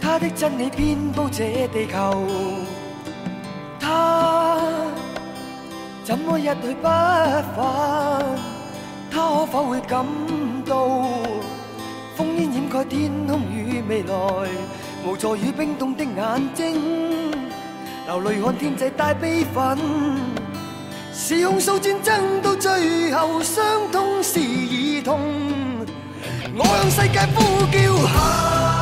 他的真理遍佈這地球。他怎麼一去不返？他可否會感到烽煙掩蓋天空與未來，無助與冰凍的眼睛，流淚看天際帶悲憤。是控訴戰爭到最後，傷痛是兒童。我向世界呼叫。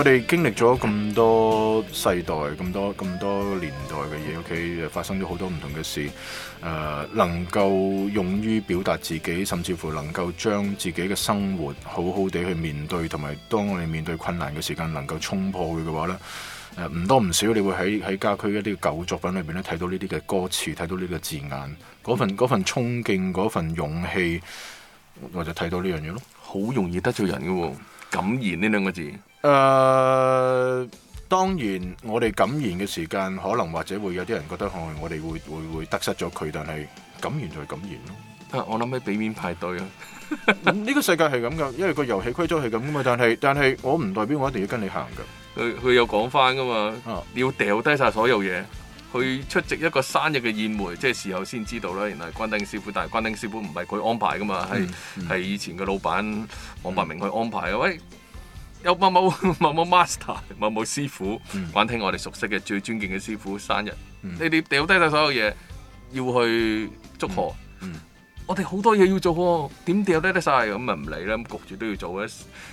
我哋經歷咗咁多世代，咁多咁多年代嘅嘢，屋、OK? 企發生咗好多唔同嘅事。誒、呃，能夠勇於表達自己，甚至乎能夠將自己嘅生活好好地去面對，同埋當我哋面對困難嘅時間，能夠衝破佢嘅話咧，呃，唔多唔少，你會喺喺家駒一啲舊作品裏邊咧，睇到呢啲嘅歌詞，睇到呢個字眼，嗰份嗰份衝勁，嗰份勇氣，或者睇到呢樣嘢咯。好容易得罪人嘅喎，敢言呢兩個字。誒，uh, 當然我哋感染嘅時間可能或者會有啲人覺得我，我哋會會會得失咗佢，但係感染就係感染咯。我諗起畀面派對啊，呢、 嗯這個世界係咁噶，因為個遊戲規則係咁噶嘛。但係但係我唔代表我一定要跟你行噶。佢佢有講翻噶嘛，你、啊、要掉低晒所有嘢，去出席一個生日嘅宴會，即係時候先知道啦。原來關丁師傅，但係關丁師傅唔係佢安排噶嘛，係係、嗯嗯、以前嘅老闆王伯明去安排啊喂。有某某某某 master，某某師傅，玩、嗯、聽我哋熟悉嘅最尊敬嘅師傅生日，嗯、你哋掉低晒所有嘢，要去祝賀。嗯嗯、我哋好多嘢要做、哦，點掉低得晒？咁啊唔理啦，焗住都要做咧。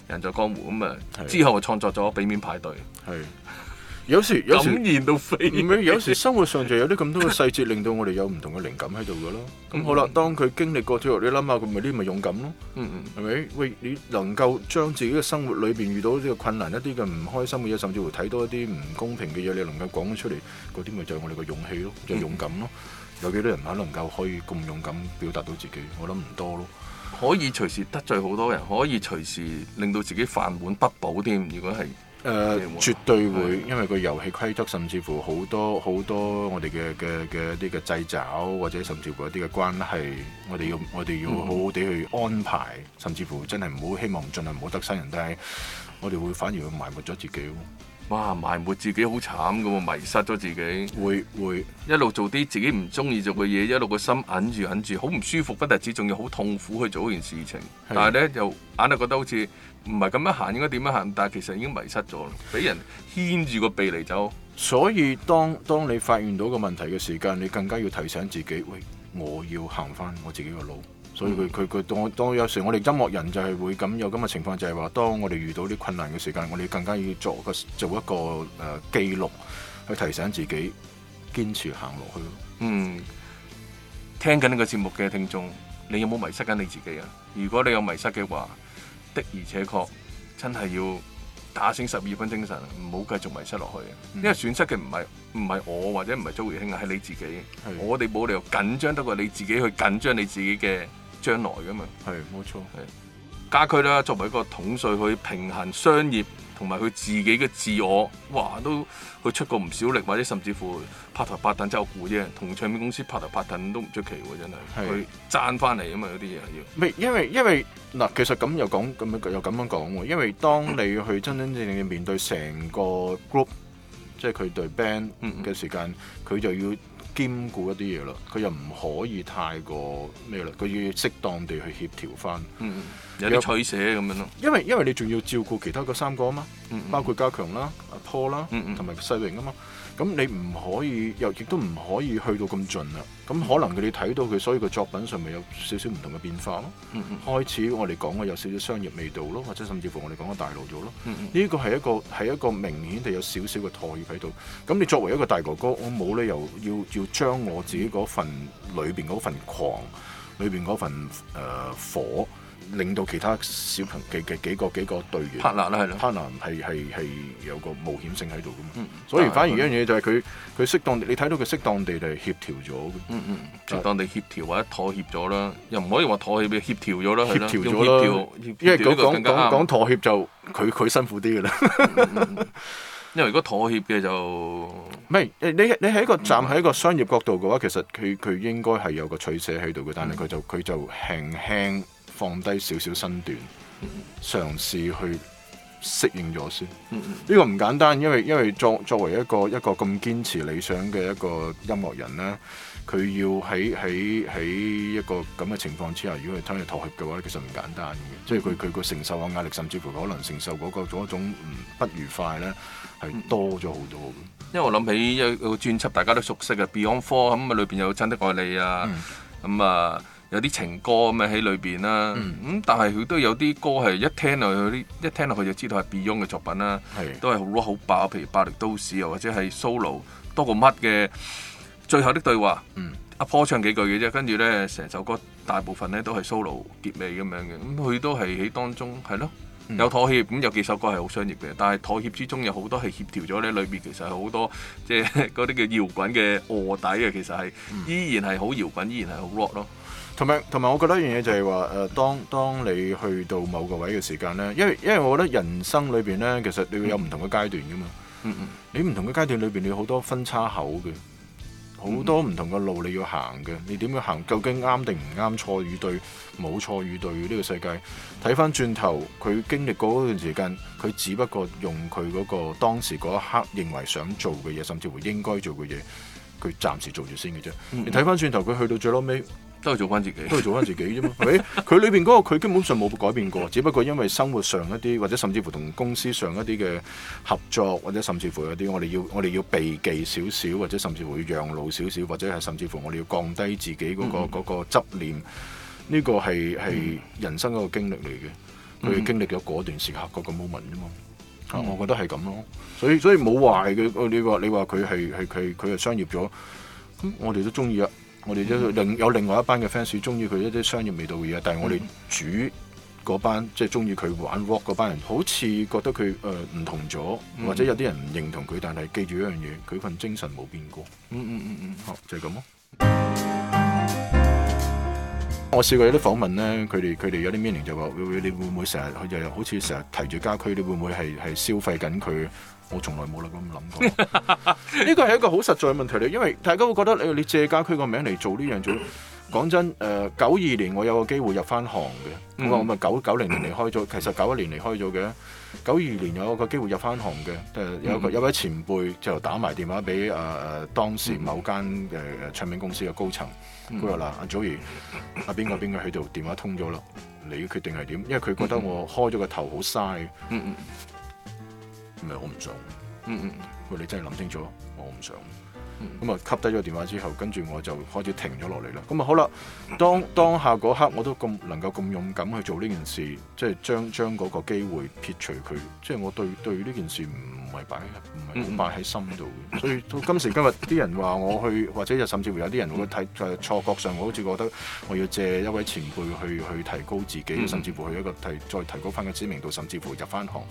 人在江湖，咁啊的之後就創作咗畀面派對，係。有時，有時感到飛，有時生活上就有啲咁多嘅細節， 令到我哋有唔同嘅靈感喺度噶咯。咁 好啦，當佢經歷過呢，你諗下，佢咪呢咪勇敢咯。嗯嗯，係咪？喂，你能夠將自己嘅生活裏邊遇到一啲困難、一啲嘅唔開心嘅嘢，甚至乎睇到一啲唔公平嘅嘢，你能夠講出嚟，嗰啲咪就係我哋嘅勇氣咯，就係勇敢咯。 有幾多人可能夠可以咁勇敢表達到自己？我諗唔多咯。可以隨時得罪好多人，可以隨時令到自己飯碗不保添。如果係。誒、呃，絕對會，的因為個遊戲規則，甚至乎好多好多我哋嘅嘅嘅一啲嘅掣肘，或者甚至乎一啲嘅關係，我哋要我哋要好好地去安排，嗯、甚至乎真係唔好希望盡量唔好得失人，但係我哋會反而會埋沒咗自己。哇！埋沒自己好慘嘅喎，迷失咗自己，會會一路做啲自己唔中意做嘅嘢，一路個心忍住忍住，好唔舒服，不但止，止，仲要好痛苦去做一件事情，的但係咧又硬係覺得好似。唔係咁樣行，應該點樣行？但係其實已經迷失咗咯，俾人牽住個鼻嚟走。所以當當你發現到個問題嘅時間，你更加要提醒自己：喂，我要行翻我自己嘅路。所以佢佢佢當當有時我哋音樂人就係會咁有咁嘅情況，就係話當我哋遇到啲困難嘅時間，我哋更加要做個做一個誒記錄，去提醒自己堅持行落去咯。嗯，聽緊呢個節目嘅聽眾，你有冇迷失緊你自己啊？如果你有迷失嘅話，的而且確，真係要打醒十二分精神，唔好繼續迷失落去。因為損失嘅唔係唔係我或者唔係周慧卿，係你自己。的我哋冇理由緊張得過你自己去緊張你自己嘅將來噶嘛。係，冇錯，係家居啦，作為一個統帥去平衡商業。同埋佢自己嘅自我，哇！都佢出過唔少力，或者甚至乎拍台拍凳係揸鼓啫，同唱片公司拍台拍凳都唔出奇真係，佢賺翻嚟啊嘛！有啲嘢要咪，因為，因為，嗱，其實咁又講，咁樣又咁樣講，因為當你去真真正正面對成個 group， 即係佢對 band 嘅時間，佢就要。兼顧一啲嘢啦，佢又唔可以太過咩啦，佢要適當地去協調翻、嗯，有啲取捨咁樣咯。因為因為你仲要照顧其他嗰三個啊嘛，嗯嗯、包括加強啦、阿 Paul 啦，同埋世榮啊嘛。咁你唔可以又亦都唔可以去到咁盡啦，咁可能佢你睇到佢所以個作品上面有少少唔同嘅變化咯，嗯嗯、開始我哋講嘅有少少商業味道咯，或者甚至乎我哋講嘅大路咗咯，呢、嗯嗯、個係一個係一個明顯地有少少嘅妥協喺度，咁你作為一個大哥哥，我冇理由要要將我自己嗰份裏邊嗰份狂，裏邊嗰份誒、呃、火。令到其他小朋嘅嘅幾個幾個隊員 Partner 啦，係咯，Partner 係係係有個冒險性喺度噶嘛。嗯、所以反而一樣嘢就係佢佢適當，你睇到佢適當地就係協調咗、嗯。嗯嗯，適當但地協調或者妥協咗啦，又唔可以話妥協，協調咗啦，協調咗啦。因為講講講妥協就佢佢 辛苦啲噶啦。因為如果妥協嘅就唔係你你喺個站喺個商業角度嘅話，其實佢佢應該係有個取捨喺度嘅，但係佢就佢就輕輕。放低少少身段，嘗試去適應咗先。呢、這個唔簡單，因為因為作作為一個一個咁堅持理想嘅一個音樂人咧，佢要喺喺喺一個咁嘅情況之下，如果係真係妥協嘅話咧，其實唔簡單嘅。即係佢佢個承受嘅壓力，甚至乎可能承受嗰個一種唔不愉快咧，係多咗好多。因為我諗起有個專輯大家都熟悉嘅 Beyond Four，咁啊裏邊有真的愛你啊，咁、嗯、啊。嗯有啲情歌咁樣喺裏邊啦，咁、嗯、但係佢都有啲歌係一聽落去啲一聽落去就知道係 Beyond 嘅作品啦，的都係好 rock 好爆，譬如《百力都市》又或者係 solo 多過乜嘅最後的對話，嗯，阿 Paul、啊、唱幾句嘅啫，跟住咧成首歌大部分咧都係 solo 結尾咁樣嘅，咁、嗯、佢都係喺當中係咯有妥協，咁有幾首歌係好商業嘅，但係妥協之中有好多係協調咗咧裏邊其實係好多即係嗰啲叫搖滾嘅臥底嘅，其實係依然係好搖滾，依然係好 rock 咯。同埋，同埋，我覺得一樣嘢就係話，誒、呃，當當你去到某個位嘅時間咧，因為因為我覺得人生裏邊咧，其實你會有唔同嘅階段噶嘛。嗯嗯你唔同嘅階段裏邊，你好多分叉口嘅，好多唔同嘅路你要行嘅。你點樣行？究竟啱定唔啱？錯與對，冇錯與對，呢個世界。睇翻轉頭，佢經歷過嗰段時間，佢只不過用佢嗰個當時嗰一刻認為想做嘅嘢，甚至乎應該做嘅嘢，佢暫時做住先嘅啫。嗯嗯你睇翻轉頭，佢去到最撈尾。都係做翻自己、 那個，都係做翻自己啫嘛，係咪？佢裏邊嗰個佢根本上冇改變過，只不過因為生活上一啲，或者甚至乎同公司上一啲嘅合作，或者甚至乎有啲我哋要我哋要避忌少少，或者甚至乎讓路少少，或者係甚至乎我哋要降低自己嗰、那個嗰、嗯嗯、個執念，呢、這個係係人生嗰個經歷嚟嘅，佢經歷咗嗰段時刻嗰、那個 moment 啫嘛，嗯嗯我覺得係咁咯，所以所以冇壞嘅，你話你話佢係係係佢係商業咗，咁我哋都中意啊。我哋都另有另外一班嘅 fans 中意佢一啲商業味道嘅嘢，但係我哋主嗰班即係中意佢玩 rock 嗰班人，好似覺得佢誒唔同咗，或者有啲人唔認同佢。但係記住一樣嘢，佢份精神冇變過。嗯嗯嗯嗯，嗯嗯嗯好就係咁咯。 我試過有啲訪問咧，佢哋佢哋有啲 meaning 就話，會會你會唔會成日佢又好似成日提住家駒？你會唔會係係消費緊佢？我從來冇嚟咁諗過，呢個係一個好實在嘅問題嚟。因為大家會覺得誒，你借家區個名嚟做呢樣做，講真誒。九、呃、二年我有個機會入翻行嘅，咁啊、嗯、我咪九九零年離開咗，嗯、其實九一年離開咗嘅。九二年有個機會入翻行嘅，誒有個、嗯、有位前輩就打埋電話俾誒誒當時某間誒唱片公司嘅高層，佢話啦阿祖兒，阿邊個邊個喺度電話通咗咯，你決定係點？因為佢覺得我開咗個頭好嘥、嗯。嗯嗯。唔係我唔想，嗯嗯，佢你真係諗清楚，我唔想。咁啊、嗯，吸低咗電話之後，跟住我就開始停咗落嚟啦。咁啊，好啦，當當下嗰刻，我都咁能夠咁勇敢去做呢件事，即、就、係、是、將將嗰個機會撇除佢，即、就、係、是、我對對呢件事唔係擺唔係好擺喺心度嘅。嗯、所以到今時今日，啲 人話我去，或者甚至乎有啲人會睇誒錯覺上，我好似覺得我要借一位前輩去去，去提高自己，嗯、甚至乎去一個提再提高翻個知名度，甚至乎入翻行。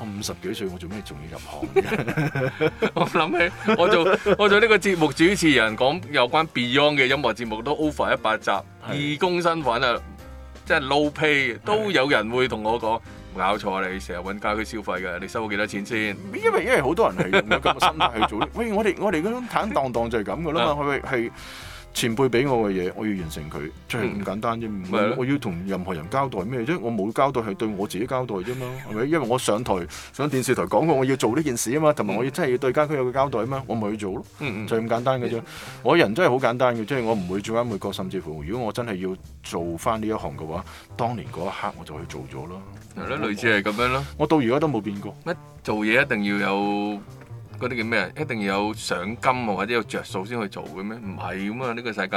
我五十幾歲，我做咩仲要入行？ 我諗起我做我做呢個節目主持人，講有關 Beyond 嘅音樂節目都 over 一百集，的義工身份啊，即係 low pay，都有人會同我講，搞錯你，成日揾家居消費嘅，你收咗幾多錢先？因為因為好多人係用咁嘅心態去做。 喂，我哋我哋嗰種坦坦蕩蕩就係咁嘅啦嘛，係咪係？前輩俾我嘅嘢，我要完成佢，即係咁簡單啫。唔係我要同任何人交代咩啫？我冇交代係對我自己交代啫嘛，係咪？因為我上台上電視台講過，我要做呢件事啊嘛，同埋我要真係要對家鄉有個交代啊嘛，我咪去做咯，嗯、就係咁簡單嘅啫。嗯嗯、我人真係好簡單嘅，即、就、係、是、我唔會做啱每個，甚至乎如果我真係要做翻呢一行嘅話，當年嗰一刻我就去做咗的我啦。係咯，類似係咁樣咯。我到而家都冇變過。咩做嘢一定要有？嗰啲叫咩？一定要有賞金或者有着數先去做嘅咩？唔係啊嘛，呢、呢個世界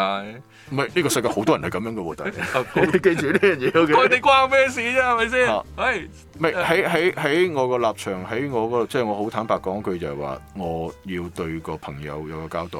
唔係，呢個世界好多人係咁樣嘅喎，但係你記住呢樣嘢，內哋 關我咩事啫？係咪先？誒、啊，唔喺喺喺我個立場，喺我嗰度，即、就、係、係、我好坦白講句就，就係話我要對個朋友有個交代。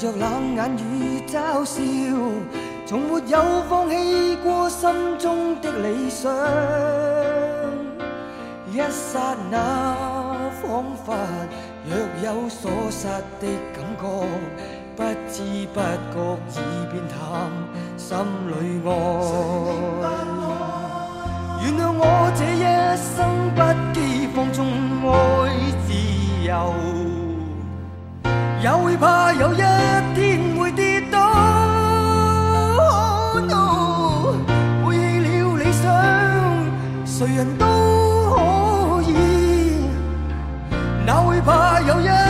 迎着冷眼與嘲笑，從沒有放棄過心中的理想。一剎那恍惚若有所失的感覺，不知不覺已變淡，心裏愛。原諒我這一生不羈放縱愛自由。也會怕有一天會跌倒，背棄了理想，誰人都可以，哪會怕有一天？Oh, no.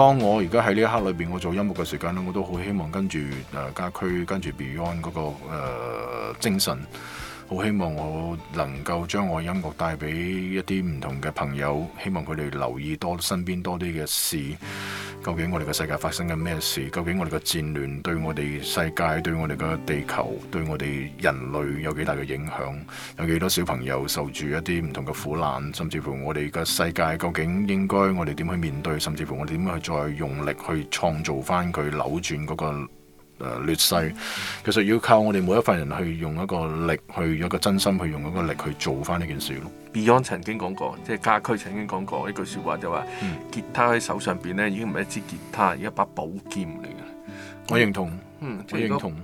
當我而家喺呢一刻裏邊，我做音樂嘅時間咧，我都好希望跟住、呃、家駒跟住 Beyond 嗰、那個、呃、精神，好希望我能夠將我音樂帶俾一啲唔同嘅朋友，希望佢哋留意多身邊多啲嘅事。究竟我哋嘅世界發生緊咩事？究竟我哋嘅戰亂對我哋世界、對我哋嘅地球、對我哋人類有幾大嘅影響？有幾多小朋友受住一啲唔同嘅苦難？甚至乎我哋嘅世界究竟應該我哋點去面對？甚至乎我哋點樣去再用力去創造翻佢扭轉嗰個？誒劣勢，其實要靠我哋每一份人去用一個力，去用一個真心去用一個力去做翻呢件事咯。Beyond 曾經講過，即係家駒曾經講過一句説話就說，就話、嗯、吉他喺手上邊咧已經唔係一支吉他，而係一把寶劍嚟嘅。嗯、我認同，嗯、我認同。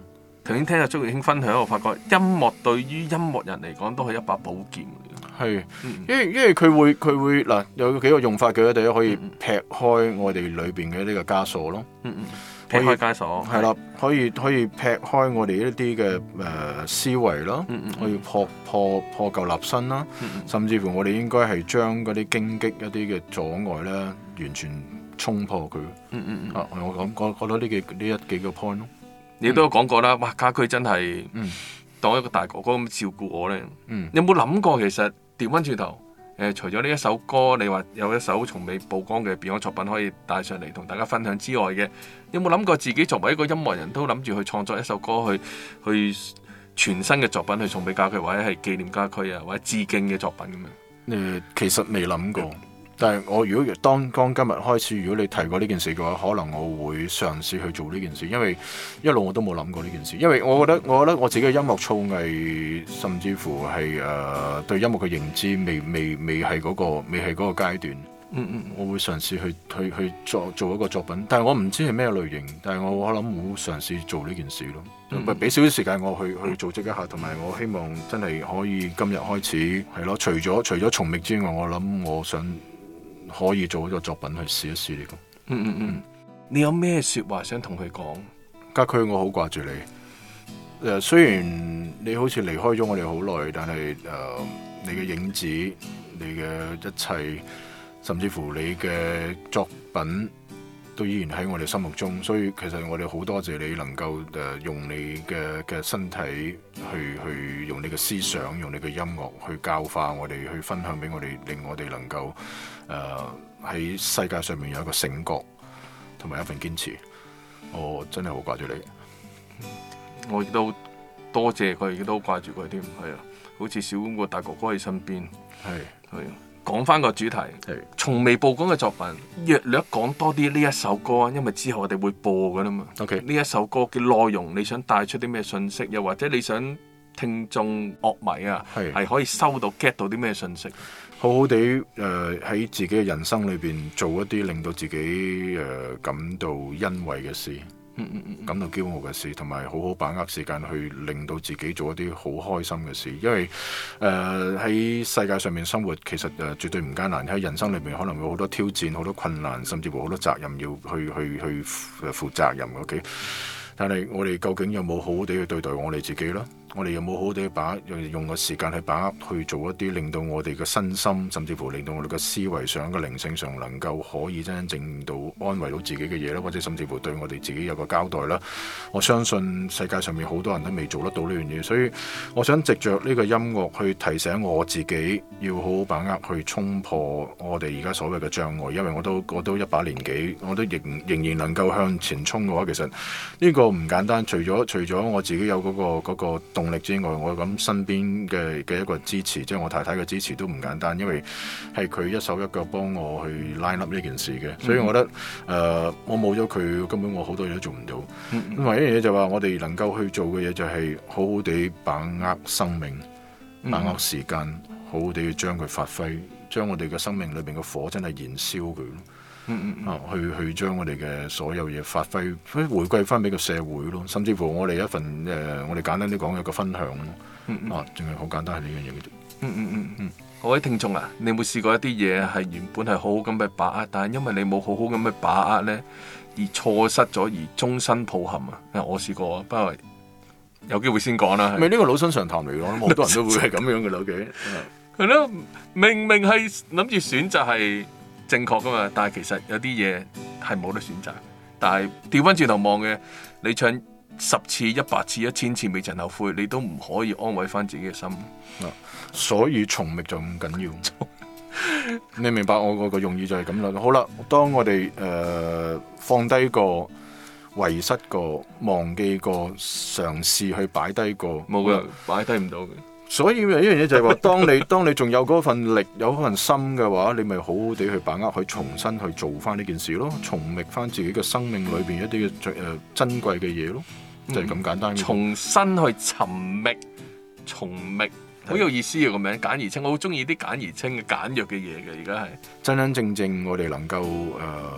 頭先、嗯、聽阿張耀興分享，我發覺音樂對於音樂人嚟講都係一把寶劍嚟嘅，係是，因、嗯、因為佢會佢會嗱有幾個用法嘅，第一可以、嗯、劈開我哋裏邊嘅呢個枷鎖咯，嗯嗯。嗯劈開枷鎖，係啦以的，可以可以劈開我哋一啲嘅誒思維咯，嗯嗯可以破破破舊立新啦，嗯嗯甚至乎我哋應該係將嗰啲荊棘一啲嘅阻礙咧，完全衝破佢。嗯嗯嗯，我講、啊，我覺得呢幾呢一幾個 point 咯，你都有講過啦，嗯、哇，家居真係當一個大哥哥咁照顧我咧。嗯，你有冇諗過其實掉返轉頭？除咗呢一首歌，你話有一首從未曝光嘅 Beyond 作品可以帶上嚟同大家分享之外嘅，有冇諗過自己作為一個音樂人都諗住去創作一首歌去去全新嘅作品去送俾家駒，或者係紀念家駒啊，或者致敬嘅作品咁樣？嗯，其實未諗過。但係，我如果當當今日開始，如果你提過呢件事嘅話，可能我會嘗試去做呢件事，因為一路我都冇諗過呢件事，因為我覺得我覺得我自己嘅音樂操藝，甚至乎係誒、呃、對音樂嘅認知未，未未未係嗰、嗰個未係嗰個階段。嗯嗯、我會嘗試去去去作做一個作品，但係我唔知係咩類型，但係我我可能會嘗試做呢件事咯。唔俾少少時間我去、嗯、去組織一下，同埋我希望真係可以今日開始係咯。除咗除咗《蟲滅》之外，我諗我想。可以做一個作品去試一試嚟嘅。嗯嗯嗯，嗯，你有咩說話想同佢講？家駒，我好掛住你。誒、uh，雖然你好似離開咗我哋好耐，但係誒，uh, 你嘅影子、你嘅一切，甚至乎你嘅作品，都依然喺我哋心目中。所以其實我哋好多謝你能夠誒，uh, 用你嘅嘅身體去去用你嘅思想、嗯、用你嘅音樂去教化我哋，去分享俾我哋，令我哋能夠。誒，喺、uh, 世界上面有一個醒覺同埋一份堅持，我真係好掛住你。我亦都多謝佢，亦都掛住佢添。係啊，好似小個大哥哥喺身邊。係係是，講翻、啊、個主題，從是未曝光嘅作品，約略講多啲呢一首歌啊，因為之後我哋會播噶啦嘛。OK，呢一首歌嘅內容，你想帶出啲咩信息？又或者你想？聽眾樂迷啊，係是可以收到、嗯、get 到啲咩信息？好好地誒喺自己嘅人生裏邊做一啲令到自己誒、呃、感到欣慰嘅事，嗯嗯嗯，嗯嗯感到驕傲嘅事，同埋好好把握時間去令到自己做一啲好開心嘅事。因為誒喺、呃、世界上面生活其實誒、呃、絕對唔艱難，喺人生裏面可能會好多挑戰、好多困難，甚至乎好多責任要去去去誒負，負責任。O.K. 但係我哋究竟有冇好好地去對待我哋自己咧？我哋有冇好好哋把用用個時間去把握去做一啲令到我哋嘅身心，甚至乎令到我哋嘅思維上嘅靈性上能夠可以真正到安慰到自己嘅嘢啦，或者甚至乎對我哋自己有個交代啦。我相信世界上面好多人都未做得到呢樣嘢，所以我想藉着呢個音樂去提醒我自己，要好好把握去衝破我哋而家所謂嘅障礙，因為我都我都一把年紀，我都仍仍然能夠向前衝嘅話，其實呢個唔簡單，除咗除咗我自己有嗰個嗰個動力之外，我咁身邊嘅嘅一個支持，即係我太太嘅支持都唔簡單，因為係佢一手一腳幫我去 line up 呢件事嘅，所以我覺得誒、mm hmm. 呃，我冇咗佢，根本我好多嘢都做唔到。咁唯一樣嘢就話，我哋能夠去做嘅嘢就係好好地把握生命，把握時間，好好地將佢發揮，將我哋嘅生命裏邊嘅火真係燃燒佢。咯。嗯嗯，嗯啊，去去將我哋嘅所有嘢發揮，回歸翻俾個社會咯，甚至乎我哋一份誒、呃，我哋簡單啲講，有個分享咯，啊，仲係好簡單係呢樣嘢嘅啫。嗯嗯嗯嗯，啊、各位聽眾啊，你有冇試過一啲嘢係原本係好好咁去把握，但係因為你冇好好咁去把握咧，而錯失咗而終身抱憾啊？我試過啊，不過有機會先講啦、啊。咪呢個老生常談嚟講，好多人都會係咁樣嘅老嘅，係、okay? 咯、 嗯，明明係諗住選擇係。正確噶嘛？但係其實有啲嘢係冇得選擇。但係調翻轉頭望嘅，你唱十次、一百次、一千次，未曾後悔，你都唔可以安慰翻自己嘅心、啊。所以從覓就咁緊要。 你明白我個用意就係咁啦。好啦，當我哋誒、呃、放低過遺失過、忘記過、嘗試去擺低過，冇噶、嗯，擺低唔到嘅。所以咪一樣嘢，就係話，當你 當你仲有嗰份力，有份心嘅話，你咪好好地去把握去重新去做翻呢件事咯，重覓翻自己嘅生命裏邊一啲嘅最誒、呃、珍貴嘅嘢咯，就係、是、咁簡單、嗯，重新去尋覓，重覓，好的有意思啊、個名，簡而清，我好中意啲簡而清嘅簡約嘅嘢嘅，而家係真真正正，正我哋能夠誒、呃、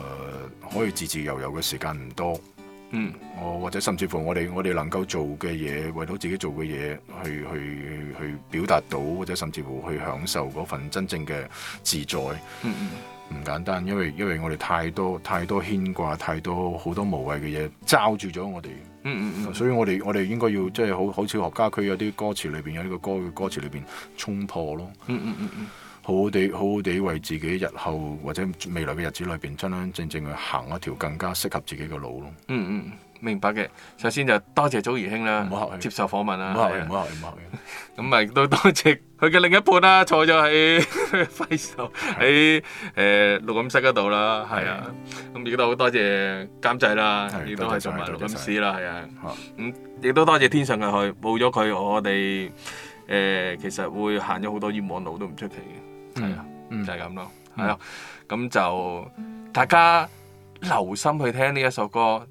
可以自自由由嘅時間唔多。嗯，我或者甚至乎我哋我哋能夠做嘅嘢，為到自己做嘅嘢，去去去表達到，或者甚至乎去享受嗰份真正嘅自在。嗯嗯，唔簡單，因為因為我哋太多太多牽掛，太多好多無謂嘅嘢，罩住咗我哋。嗯嗯嗯，所以我哋我哋應該要即係，好好似學家區有啲歌詞裏邊，有呢個歌嘅歌詞裏邊衝破咯。嗯嗯嗯嗯。好好地，好好地為自己日後或者未來嘅日子裏邊，真真正正去行一條更加適合自己嘅路咯。嗯嗯，明白嘅。首先就多謝祖兒兄啦，唔好客，接受訪問啦，唔好客嘅，唔好、啊、客嘅，唔好咁咪都多謝佢嘅另一半啦，坐咗喺揮手喺誒錄音室嗰度啦，係啊。咁亦 都好多謝監製啦，亦都係同埋錄音師啦，係啊。咁亦都多謝天上嘅佢，冇咗佢，我哋誒、呃、其實會行咗好多冤枉路都，都唔出奇嘅。係啊，嗯，就係咁咯，係咯，咁就大家留心去聽呢一首歌，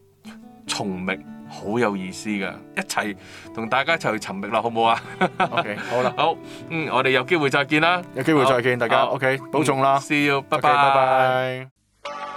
尋覓好有意思噶，一齊同大家一齊去尋覓啦，好唔好啊？OK，好啦，好，嗯，我哋有機會再見啦，有機會再見，好，大家，好，OK，保重啦，um，See you，拜拜，拜拜，okay。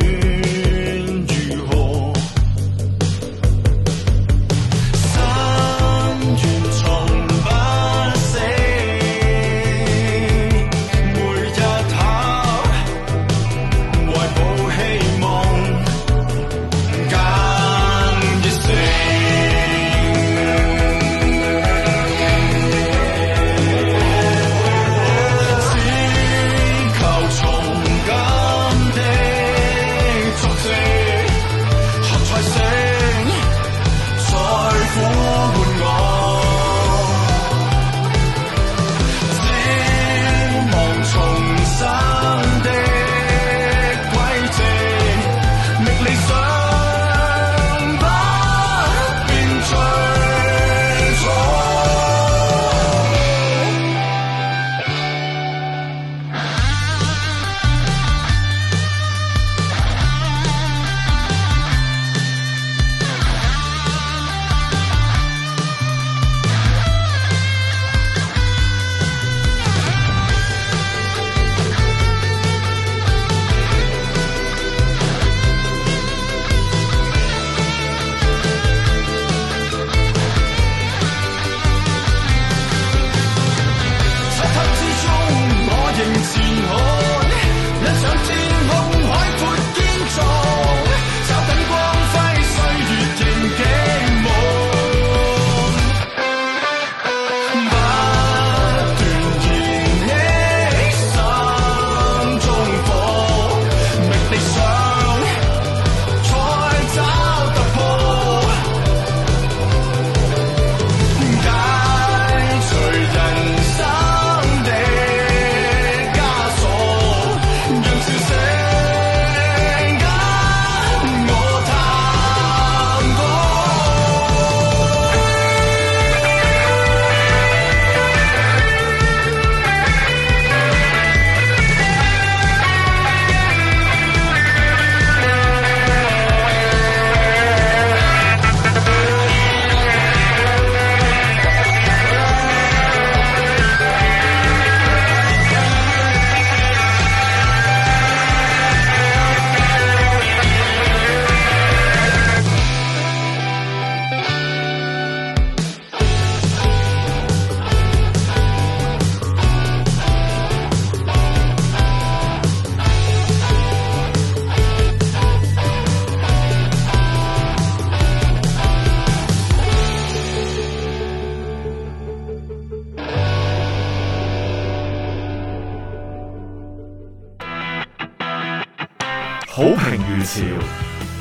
好評如潮，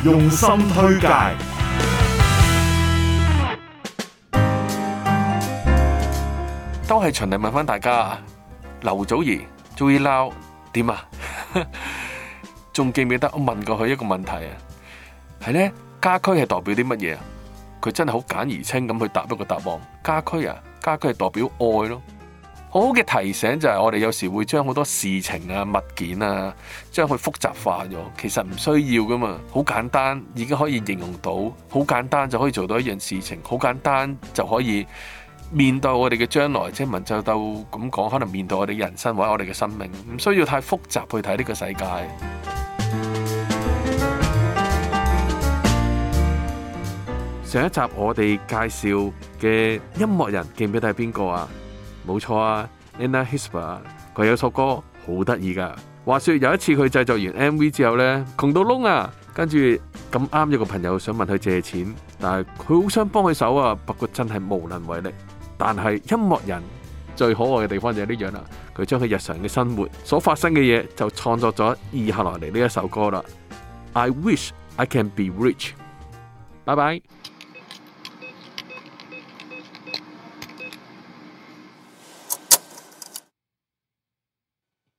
用心推介，都係循例問翻大家啊！劉祖兒，Joey Lau，點啊？仲記唔記得我問過佢一個問題啊？係咧，家居係代表啲乜嘢啊？佢真係好簡而清咁去答一個答案。家居啊，家居係代表愛咯。好好嘅提醒就係我哋有時會將好多事情啊物件啊，將佢複雜化咗。其實唔需要㗎嘛，好簡單，已經可以形容到好簡單就可以做到一樣事情，好簡單就可以面對我哋嘅將來。即文就到咁講，可能面對我哋人生或者我哋嘅生命，唔需要太複雜去睇呢個世界。上一集我哋介紹嘅音樂人記唔記得係邊個啊？冇錯啊，Anna Hissa，佢有首歌好得意噶。話說有一次佢製作完 MV 之後呢，窮到窿啊，跟住咁啱有個朋友想問佢借錢，但係佢好想幫佢手啊，不過真係無能為力。但係音樂人最可愛嘅地方就係呢樣啦，佢將佢日常嘅生活所發生嘅嘢，就創作咗以下落嚟呢一首歌啦。I wish I can be rich，拜拜。